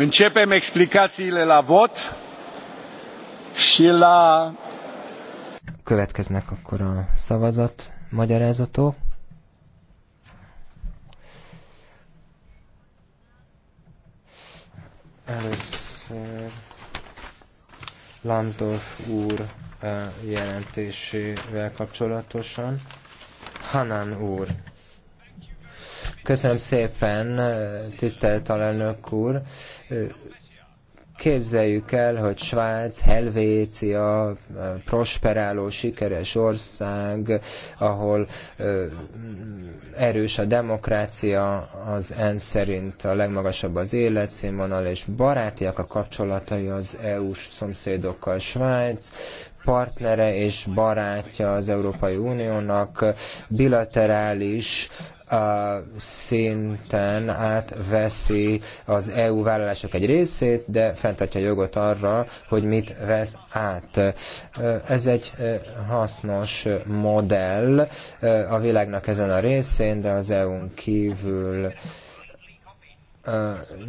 Începem explicațiile la vot și la... Következnek akkor a szavazat magyarázató. Először Lansdorf úr eh, jelentésével kapcsolatosan. Hanan úr Köszönöm szépen, tisztelt alelnök úr. Képzeljük el, hogy Svájc, Helvécia, prosperáló, sikeres ország, ahol erős a demokrácia, az ENSZ szerint a legmagasabb az életszínvonal, és barátiak a kapcsolatai az EU-s szomszédokkal. Svájc partnere és barátja az Európai Uniónak, bilaterális szinten átveszi az EU vállalások egy részét, de fenntartja jogot arra, hogy mit vesz át. Ez egy hasznos modell a világnak ezen a részén, de az EU-n kívül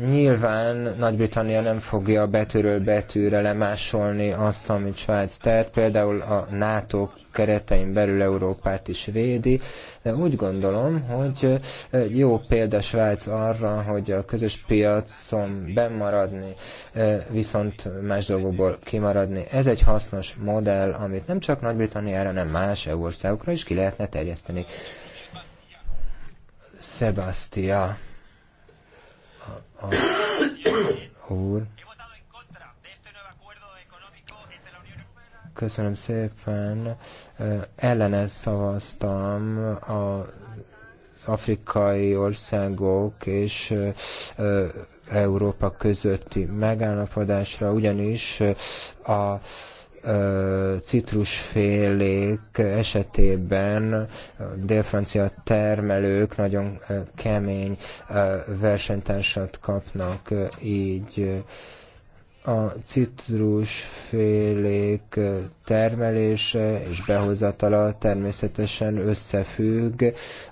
nyilván Nagy-Britannia nem fogja betűről betűre lemásolni azt, amit Svájc tett, például a NATO keretein belül Európát is védi, de úgy gondolom, hogy jó példa Svájc arra, hogy a közös piacon bemaradni, viszont más dolgokból kimaradni. Ez egy hasznos modell, amit nem csak Nagy-Britanniára, hanem más EU országokra is ki lehetne terjeszteni. Sebastia a úr. Köszönöm szépen. Ellene szavaztam a afrikai országok és Európa közötti megállapodásra, ugyanis a citrusfélék esetében dél-francia termelők nagyon kemény versenytársat kapnak így a citrusfélék termelése és behozatala természetesen összefügg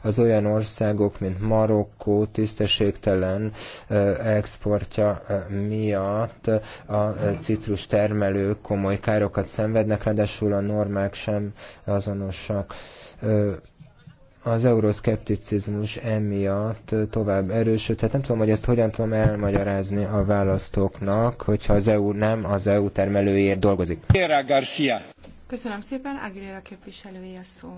az olyan országok, mint Marokkó tisztességtelen exportja miatt a citrus termelők komoly károkat szenvednek, ráadásul a normák sem azonosak az euroszkepticizmus emiatt tovább erősödhet. Nem tudom, hogy ezt hogyan tudom elmagyarázni a választóknak, hogyha az EU nem az EU termelőért dolgozik. Garcia. Köszönöm szépen, Aguilera képviselője szó.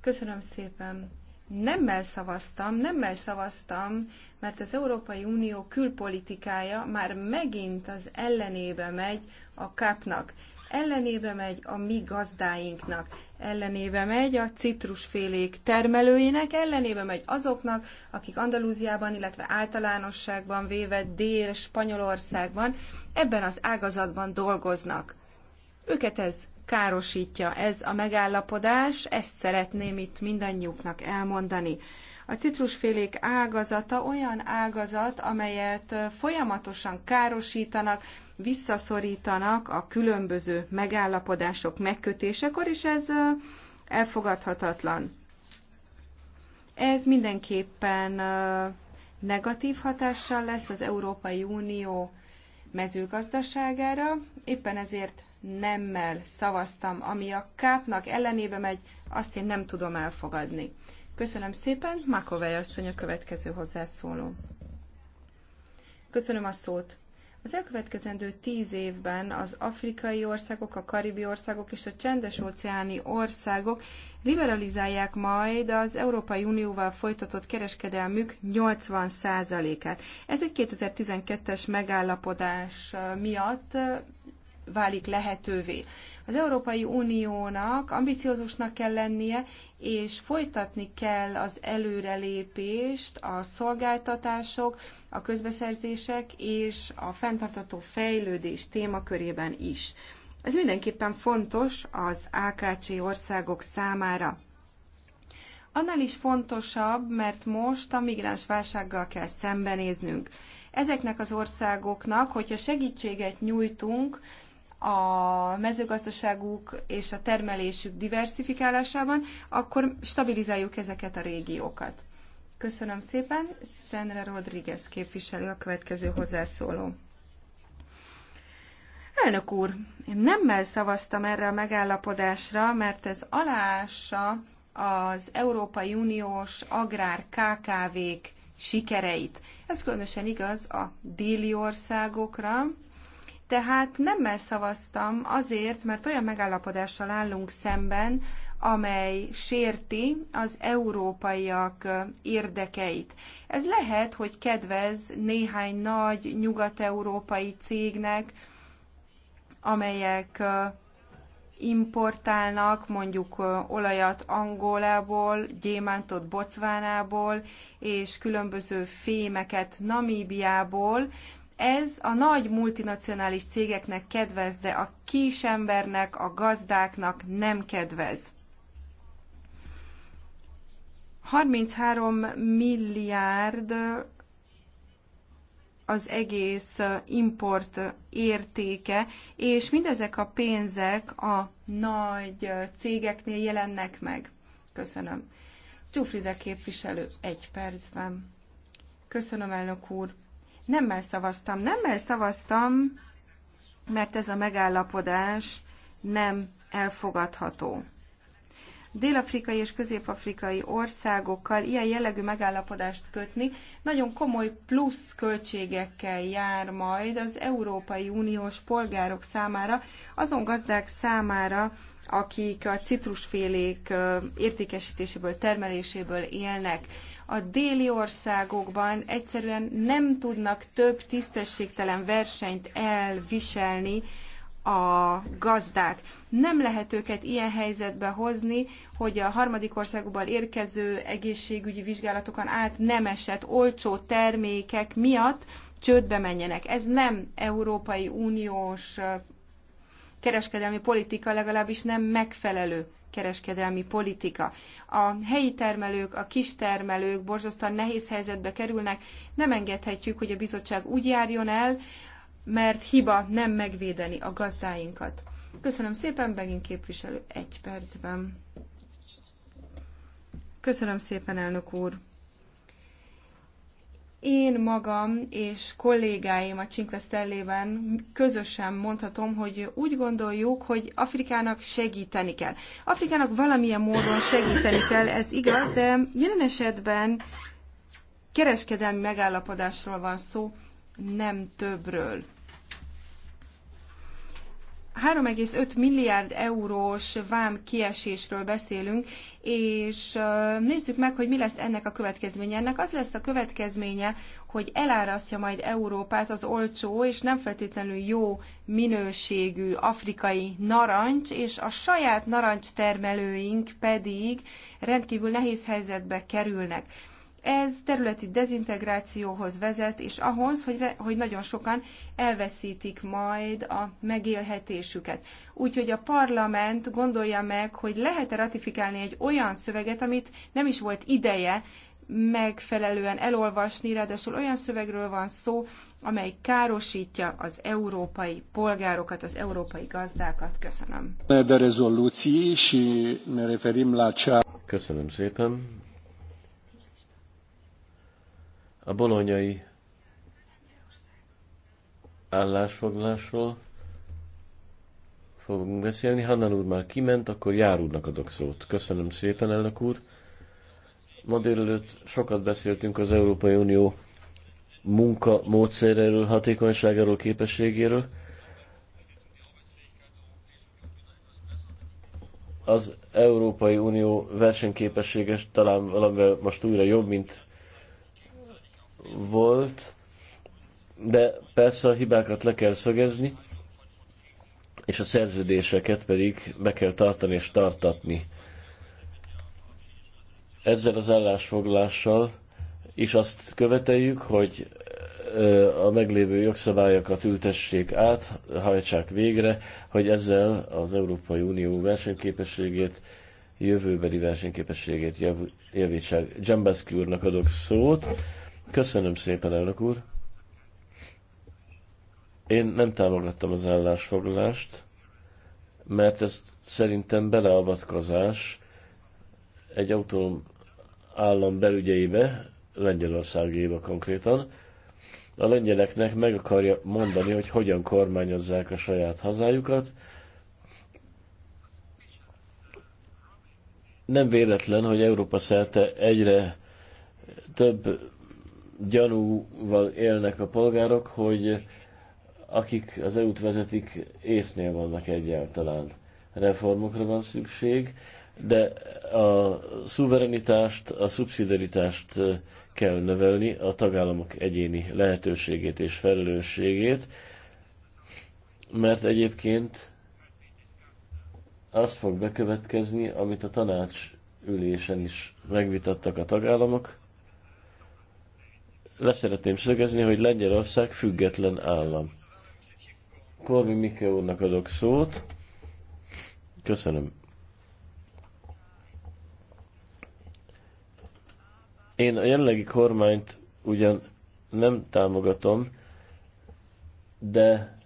Köszönöm szépen. Nemmel szavaztam, nemmel szavaztam, mert az Európai Unió külpolitikája már megint az ellenébe megy a kápnak, ellenébe megy a mi gazdáinknak, ellenébe megy a citrusfélék termelőinek, ellenébe megy azoknak, akik Andalúziában, illetve általánosságban véve Dél-Spanyolországban ebben az ágazatban dolgoznak. Őket ez károsítja, ez a megállapodás, ezt szeretném itt mindannyiuknak elmondani. A citrusfélék ágazata olyan ágazat, amelyet folyamatosan károsítanak, visszaszorítanak a különböző megállapodások megkötésekor, és ez elfogadhatatlan. Ez mindenképpen negatív hatással lesz az Európai Unió mezőgazdaságára, éppen ezért nemmel szavaztam, ami a kápnak ellenébe megy, azt én nem tudom elfogadni. Köszönöm szépen. Makovej asszony a következő hozzászóló. Köszönöm a szót. Az elkövetkezendő tíz évben az afrikai országok, a karibi országok és a csendes-óceáni országok liberalizálják majd az Európai Unióval folytatott kereskedelmük 80%-át. Ez egy 2012-es megállapodás miatt válik lehetővé. Az Európai Uniónak ambiciózusnak kell lennie, és folytatni kell az előrelépést a szolgáltatások, a közbeszerzések és a fenntartató fejlődés témakörében is. Ez mindenképpen fontos az AKC országok számára. Annál is fontosabb, mert most a migráns válsággal kell szembenéznünk. Ezeknek az országoknak, hogyha segítséget nyújtunk, a mezőgazdaságuk és a termelésük diversifikálásában, akkor stabilizáljuk ezeket a régiókat. Köszönöm szépen. Szenre Rodriguez képviselő a következő hozzászóló. Elnök úr, én nemmel szavaztam erre a megállapodásra, mert ez alása az Európai Uniós agrár KKV-k sikereit. Ez különösen igaz a déli országokra, tehát nemmel szavaztam azért, mert olyan megállapodással állunk szemben, amely sérti az európaiak érdekeit. Ez lehet, hogy kedvez néhány nagy nyugat-európai cégnek, amelyek importálnak mondjuk olajat Angolából, gyémántot Bocvánából, és különböző fémeket Namíbiából, ez a nagy multinacionális cégeknek kedvez, de a kisembernek, a gazdáknak nem kedvez. 33 milliárd az egész import értéke, és mindezek a pénzek a nagy cégeknél jelennek meg. Köszönöm. Csufride képviselő, egy percben. Köszönöm, elnök úr. Nemmel szavaztam. Nemmel szavaztam, mert ez a megállapodás nem elfogadható. Dél-afrikai és közép-afrikai országokkal ilyen jellegű megállapodást kötni nagyon komoly plusz költségekkel jár majd az Európai Uniós polgárok számára, azon gazdák számára, akik a citrusfélék értékesítéséből, termeléséből élnek. A déli országokban egyszerűen nem tudnak több tisztességtelen versenyt elviselni, a gazdák. Nem lehet őket ilyen helyzetbe hozni, hogy a harmadik országokból érkező egészségügyi vizsgálatokon át nem esett olcsó termékek miatt csődbe menjenek. Ez nem Európai Uniós kereskedelmi politika legalábbis nem megfelelő kereskedelmi politika. A helyi termelők, a kis termelők borzasztóan nehéz helyzetbe kerülnek, nem engedhetjük, hogy a bizottság úgy járjon el, mert hiba nem megvédeni a gazdáinkat. Köszönöm szépen, megint képviselő, egy percben. Köszönöm szépen, elnök úr én magam és kollégáim a Csinkvesztellében közösen mondhatom, hogy úgy gondoljuk, hogy Afrikának segíteni kell. Afrikának valamilyen módon segíteni kell, ez igaz, de jelen esetben kereskedelmi megállapodásról van szó, nem többről. 3,5 milliárd eurós vám kiesésről beszélünk, és nézzük meg, hogy mi lesz ennek a következménye. Ennek az lesz a következménye, hogy elárasztja majd Európát az olcsó és nem feltétlenül jó minőségű afrikai narancs, és a saját narancstermelőink pedig rendkívül nehéz helyzetbe kerülnek. Ez területi dezintegrációhoz vezet, és ahhoz, hogy, re, hogy nagyon sokan elveszítik majd a megélhetésüket. Úgyhogy a parlament gondolja meg, hogy lehet-e ratifikálni egy olyan szöveget, amit nem is volt ideje megfelelően elolvasni, ráadásul olyan szövegről van szó, amely károsítja az európai polgárokat, az európai gazdákat. Köszönöm. ne referim la Köszönöm szépen a bolonyai állásfoglásról fogunk beszélni. Hannan úr már kiment, akkor Jár úrnak adok szót. Köszönöm szépen, elnök úr. Ma délelőtt sokat beszéltünk az Európai Unió munka módszereiről, hatékonyságáról, képességéről. Az Európai Unió versenyképességes talán valamivel most újra jobb, mint volt, de persze a hibákat le kell szögezni, és a szerződéseket pedig be kell tartani és tartatni. Ezzel az állásfoglással is azt követeljük, hogy a meglévő jogszabályokat ültessék át, hajtsák végre, hogy ezzel az Európai Unió versenyképességét, jövőbeli versenyképességét javítsák. Dzsambaszki úrnak adok szót. Köszönöm szépen, elnök úr. Én nem támogattam az állásfoglalást, mert ez szerintem beleavatkozás egy autonóm állam belügyeibe, Lengyelországéba konkrétan. A lengyeleknek meg akarja mondani, hogy hogyan kormányozzák a saját hazájukat. Nem véletlen, hogy Európa szerte egyre több gyanúval élnek a polgárok, hogy akik az EU-t vezetik, észnél vannak egyáltalán. Reformokra van szükség, de a szuverenitást, a szubszidaritást kell növelni, a tagállamok egyéni lehetőségét és felelősségét, mert egyébként azt fog bekövetkezni, amit a tanács ülésen is megvitattak a tagállamok, leszeretném szögezni, hogy Lengyelország független állam. Korvin Mike úrnak adok szót. Köszönöm. Én a jelenlegi kormányt ugyan nem támogatom, de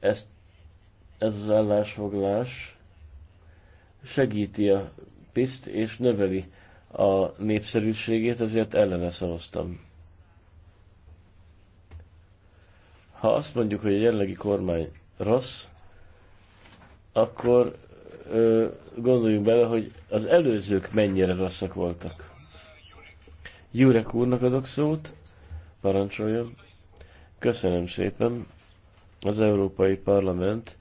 ezt, ez az állásfoglás segíti a piszt és növeli a népszerűségét, ezért ellene szavaztam. Ha azt mondjuk, hogy a jelenlegi kormány rossz, akkor ö, gondoljunk bele, hogy az előzők mennyire rosszak voltak. Jurek úrnak adok szót, parancsoljon. Köszönöm szépen. Az Európai Parlament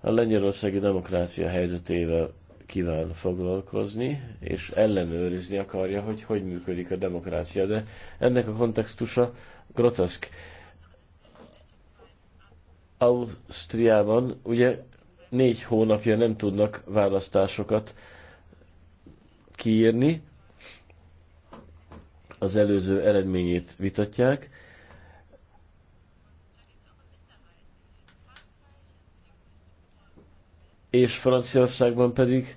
a lengyelországi demokrácia helyzetével kíván foglalkozni, és ellenőrizni akarja, hogy hogy működik a demokrácia, de ennek a kontextusa groteszk. Ausztriában ugye négy hónapja nem tudnak választásokat kiírni, az előző eredményét vitatják. És Franciaországban pedig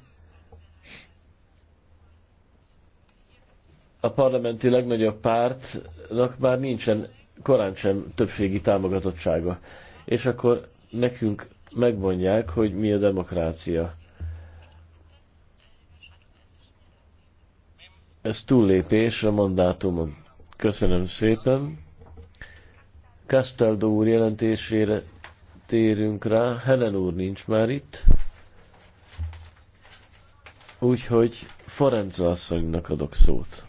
a parlamenti legnagyobb pártnak már nincsen korán sem többségi támogatottsága és akkor nekünk megmondják, hogy mi a demokrácia. Ez túllépés a mandátumon. Köszönöm szépen. Castaldo úr jelentésére térünk rá. Helen úr nincs már itt. Úgyhogy Forenza asszonynak adok szót.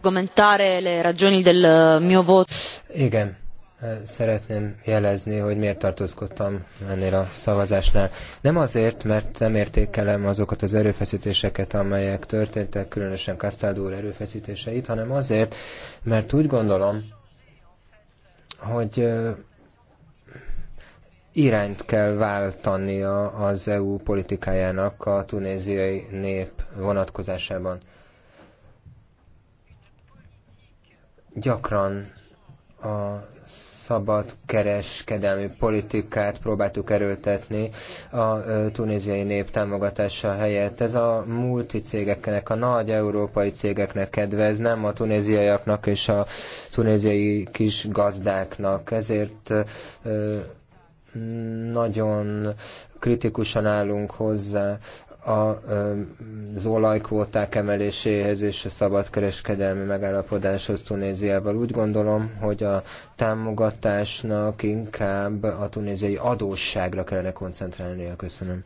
commentare le ragioni del eh, mio voto. Igen, eh, szeretném jelezni, hogy miért tartózkodtam ennél a szavazásnál. Nem azért, mert nem értékelem azokat az erőfeszítéseket, amelyek történtek, különösen Castaldo úr erőfeszítéseit, hanem azért, mert úgy gondolom, hogy irányt kell váltania az EU politikájának a tunéziai nép vonatkozásában. Gyakran a szabad kereskedelmi politikát próbáltuk erőltetni a tunéziai nép támogatása helyett. Ez a multicégeknek, a nagy európai cégeknek kedvez, nem a tunéziaiaknak és a tunéziai kis gazdáknak. Ezért nagyon kritikusan állunk hozzá az olajkvóták emeléséhez és a szabadkereskedelmi megállapodáshoz Tunéziával. Úgy gondolom, hogy a támogatásnak inkább a tunéziai adósságra kellene koncentrálnia. Köszönöm.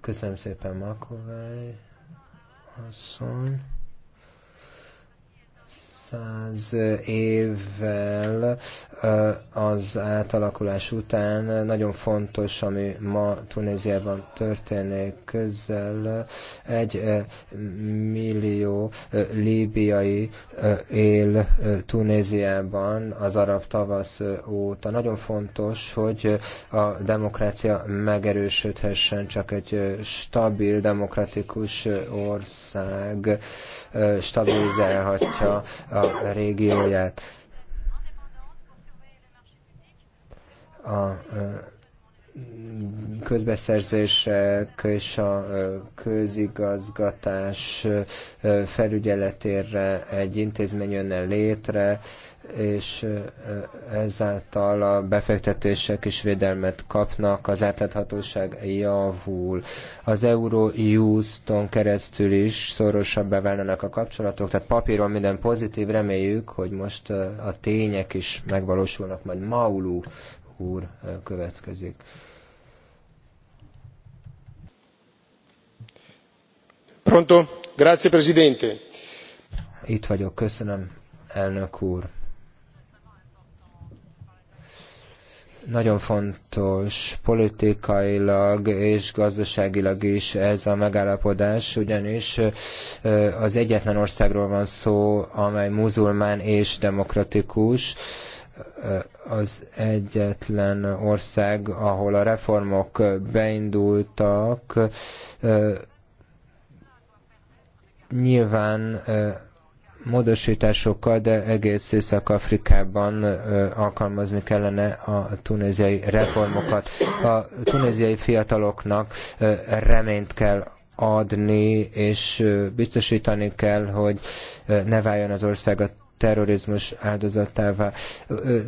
Köszönöm szépen, Makovály asszony száz évvel az átalakulás után nagyon fontos, ami ma Tunéziában történik közel egy millió líbiai él Tunéziában az arab tavasz óta. Nagyon fontos, hogy a demokrácia megerősödhessen, csak egy stabil, demokratikus ország stabilizálhatja a régióját. A közbeszerzések és a közigazgatás felügyeletére egy intézmény jönne létre, és ezáltal a befektetések is védelmet kapnak, az átláthatóság javul. Az euró on keresztül is szorosabb válnak a kapcsolatok, tehát papíron minden pozitív, reméljük, hogy most a tények is megvalósulnak, majd Maulu úr következik. Itt vagyok, köszönöm, elnök úr. nagyon fontos politikailag és gazdaságilag is ez a megállapodás, ugyanis az egyetlen országról van szó, amely muzulmán és demokratikus, az egyetlen ország, ahol a reformok beindultak, Nyilván módosításokkal, de egész Észak-Afrikában alkalmazni kellene a tunéziai reformokat. A tunéziai fiataloknak reményt kell adni, és biztosítani kell, hogy ne váljon az ország a terrorizmus áldozatává.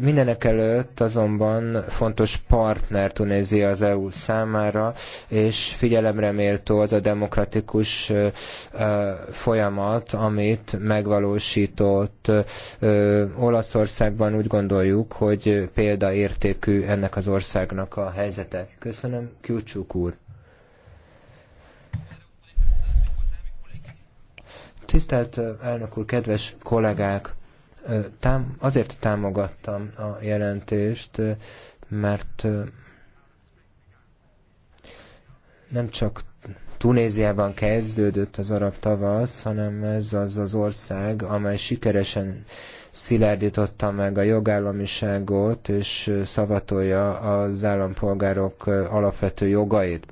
Mindenek előtt azonban fontos partner Tunézia az EU számára, és figyelemre méltó az a demokratikus folyamat, amit megvalósított Olaszországban. Úgy gondoljuk, hogy példaértékű ennek az országnak a helyzete. Köszönöm, Kyucsuk úr. Tisztelt elnök úr, kedves kollégák! tám, azért támogattam a jelentést, mert nem csak Tunéziában kezdődött az arab tavasz, hanem ez az az ország, amely sikeresen szilárdította meg a jogállamiságot, és szavatolja az állampolgárok alapvető jogait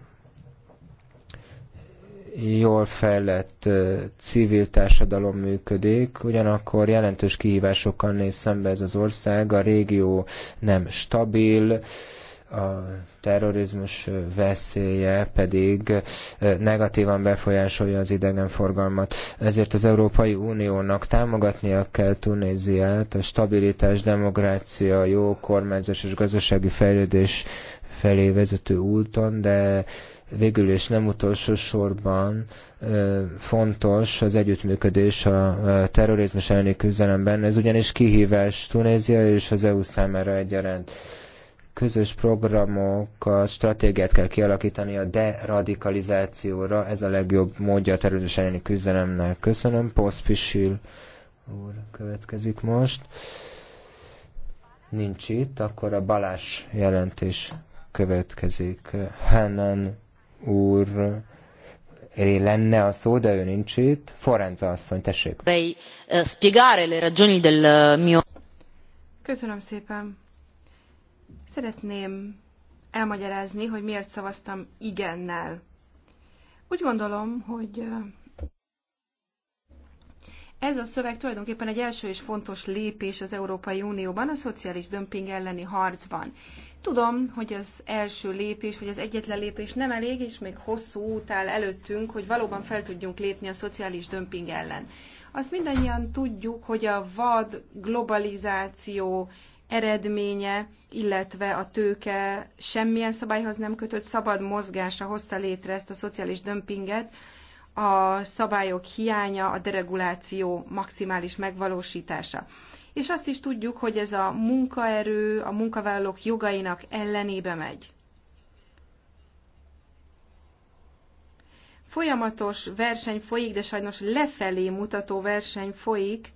jól fejlett civil társadalom működik, ugyanakkor jelentős kihívásokkal néz szembe ez az ország, a régió nem stabil, a terrorizmus veszélye pedig negatívan befolyásolja az idegenforgalmat. Ezért az Európai Uniónak támogatnia kell Tunéziát a stabilitás, demokrácia, jó kormányzás és gazdasági fejlődés felé vezető úton, de végül is nem utolsó sorban fontos az együttműködés a terrorizmus elleni küzdelemben. Ez ugyanis kihívás Tunézia és az EU számára egyaránt közös programok, a stratégiát kell kialakítani a deradikalizációra. Ez a legjobb módja a terrorizmus elleni küzdelemnek. Köszönöm. Pospisil úr következik most. Nincs itt, akkor a Balás jelentés következik. Hennen úr lenne a szó, de ő nincs itt. Forenza asszony, tessék. Eh, eh, Köszönöm szépen. Szeretném elmagyarázni, hogy miért szavaztam igennel. Úgy gondolom, hogy eh, ez a szöveg tulajdonképpen egy első és fontos lépés az Európai Unióban a szociális dömping elleni harcban. Tudom, hogy az első lépés, vagy az egyetlen lépés nem elég, és még hosszú út áll előttünk, hogy valóban fel tudjunk lépni a szociális dömping ellen. Azt mindannyian tudjuk, hogy a vad globalizáció eredménye, illetve a tőke semmilyen szabályhoz nem kötött szabad mozgása hozta létre ezt a szociális dömpinget, a szabályok hiánya, a dereguláció maximális megvalósítása és azt is tudjuk, hogy ez a munkaerő a munkavállalók jogainak ellenébe megy. Folyamatos verseny folyik, de sajnos lefelé mutató verseny folyik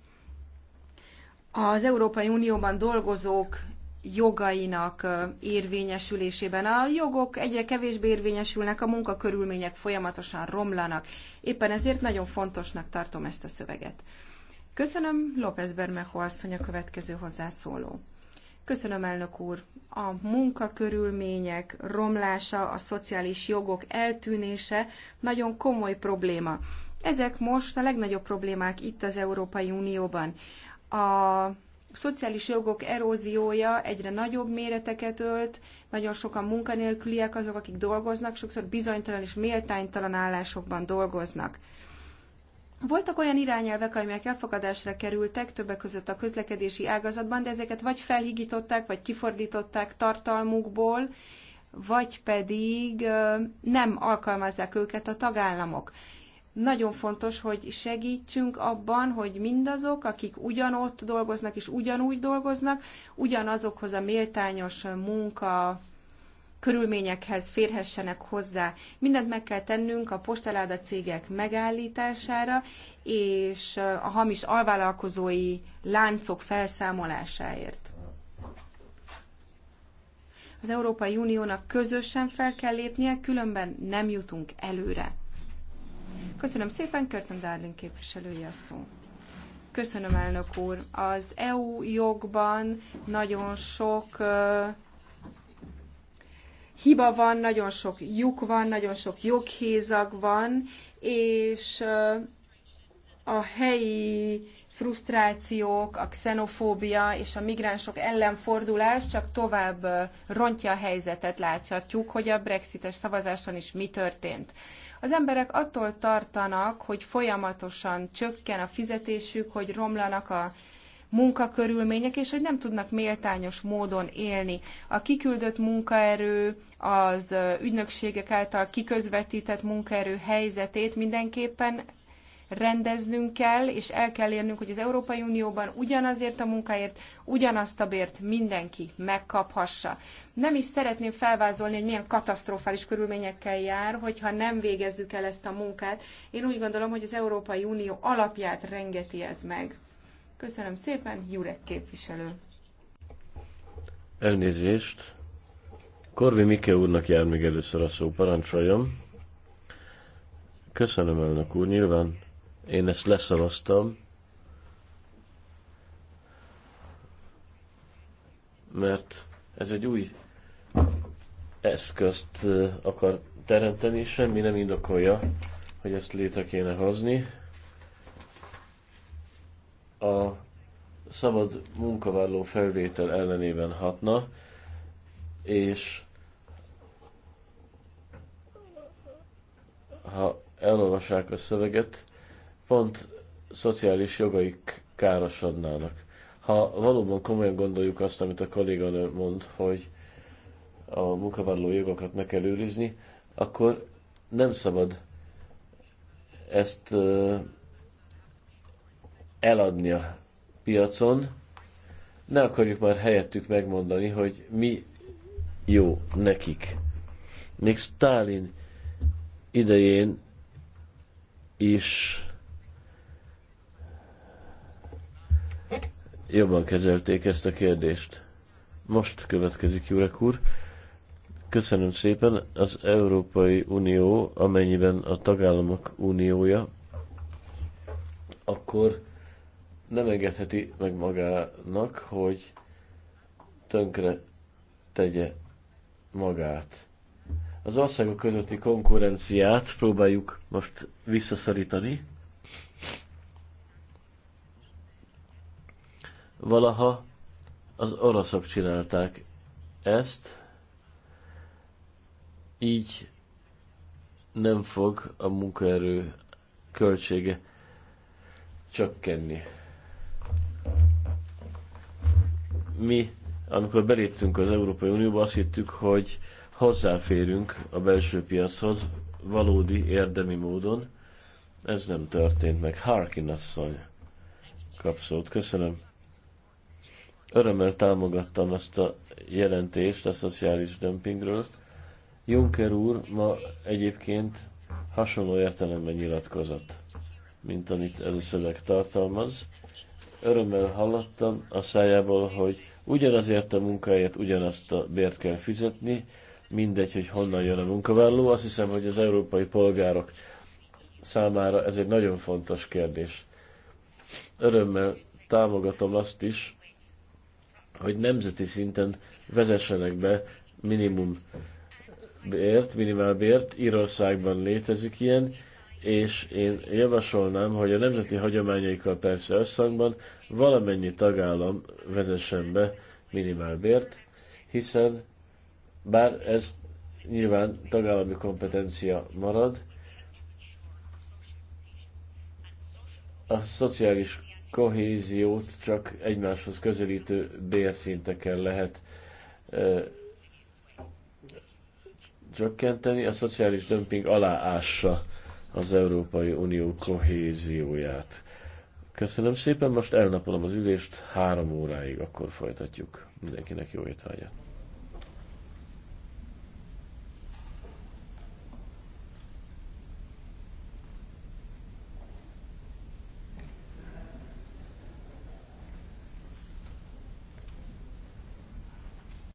az Európai Unióban dolgozók jogainak érvényesülésében. A jogok egyre kevésbé érvényesülnek, a munkakörülmények folyamatosan romlanak. Éppen ezért nagyon fontosnak tartom ezt a szöveget. Köszönöm, López Bermejo asszony a következő hozzászóló. Köszönöm, elnök úr. A munkakörülmények romlása, a szociális jogok eltűnése nagyon komoly probléma. Ezek most a legnagyobb problémák itt az Európai Unióban. A szociális jogok eróziója egyre nagyobb méreteket ölt, nagyon sokan munkanélküliek azok, akik dolgoznak, sokszor bizonytalan és méltánytalan állásokban dolgoznak. Voltak olyan irányelvek, amelyek elfogadásra kerültek, többek között a közlekedési ágazatban, de ezeket vagy felhigították, vagy kifordították tartalmukból, vagy pedig nem alkalmazzák őket a tagállamok. Nagyon fontos, hogy segítsünk abban, hogy mindazok, akik ugyanott dolgoznak és ugyanúgy dolgoznak, ugyanazokhoz a méltányos munka körülményekhez férhessenek hozzá. Mindent meg kell tennünk a postaláda cégek megállítására és a hamis alvállalkozói láncok felszámolásáért. Az Európai Uniónak közösen fel kell lépnie, különben nem jutunk előre. Köszönöm szépen, Körtön Darling képviselője a szó. Köszönöm, elnök úr. Az EU jogban nagyon sok hiba van, nagyon sok lyuk van, nagyon sok joghézag van, és a helyi frusztrációk, a xenofóbia és a migránsok ellen fordulás csak tovább rontja a helyzetet, láthatjuk, hogy a brexites szavazáson is mi történt. Az emberek attól tartanak, hogy folyamatosan csökken a fizetésük, hogy romlanak a munkakörülmények, és hogy nem tudnak méltányos módon élni. A kiküldött munkaerő, az ügynökségek által kiközvetített munkaerő helyzetét mindenképpen rendeznünk kell, és el kell érnünk, hogy az Európai Unióban ugyanazért a munkáért, ugyanazt a bért mindenki megkaphassa. Nem is szeretném felvázolni, hogy milyen katasztrofális körülményekkel jár, hogyha nem végezzük el ezt a munkát. Én úgy gondolom, hogy az Európai Unió alapját rengeti ez meg. Köszönöm szépen, Jurek képviselő. Elnézést. Korvi Mike úrnak jár még először a szó, parancsoljon. Köszönöm, elnök úr, nyilván én ezt leszavaztam, mert ez egy új eszközt eh, akar teremteni, semmi nem indokolja, hogy ezt létre kéne hozni a szabad munkavállaló felvétel ellenében hatna, és ha elolvassák a szöveget, pont szociális jogaik károsodnának. Ha valóban komolyan gondoljuk azt, amit a kolléganő mond, hogy a munkavállaló jogokat meg kell őrizni, akkor nem szabad ezt eladni a piacon, ne akarjuk már helyettük megmondani, hogy mi jó nekik. Még Stalin idején is jobban kezelték ezt a kérdést. Most következik, Jurek úr. Köszönöm szépen. Az Európai Unió, amennyiben a tagállamok uniója, akkor nem engedheti meg magának, hogy tönkre tegye magát. Az országok közötti konkurenciát próbáljuk most visszaszorítani. Valaha az oroszok csinálták ezt, így nem fog a munkaerő költsége csökkenni. Mi, amikor beléptünk az Európai Unióba, azt hittük, hogy hozzáférünk a belső piachoz valódi, érdemi módon. Ez nem történt meg. Harkin asszony kapszót. Köszönöm. Örömmel támogattam azt a jelentést a szociális dömpingről. Juncker úr ma egyébként hasonló értelemben nyilatkozott, mint amit ez a szöveg tartalmaz örömmel hallottam a szájából, hogy ugyanazért a munkáért ugyanazt a bért kell fizetni, mindegy, hogy honnan jön a munkavállaló. Azt hiszem, hogy az európai polgárok számára ez egy nagyon fontos kérdés. Örömmel támogatom azt is, hogy nemzeti szinten vezessenek be minimum bért, bért, Írországban létezik ilyen, és én javasolnám, hogy a nemzeti hagyományaikkal persze összhangban valamennyi tagállam vezessen be minimálbért, hiszen bár ez nyilván tagállami kompetencia marad, a szociális kohéziót csak egymáshoz közelítő bérszinteken lehet ö, csökkenteni, a szociális dömping aláássa az Európai Unió kohézióját. Köszönöm szépen, most elnapolom az ülést, három óráig, akkor folytatjuk. Mindenkinek jó étvágyat!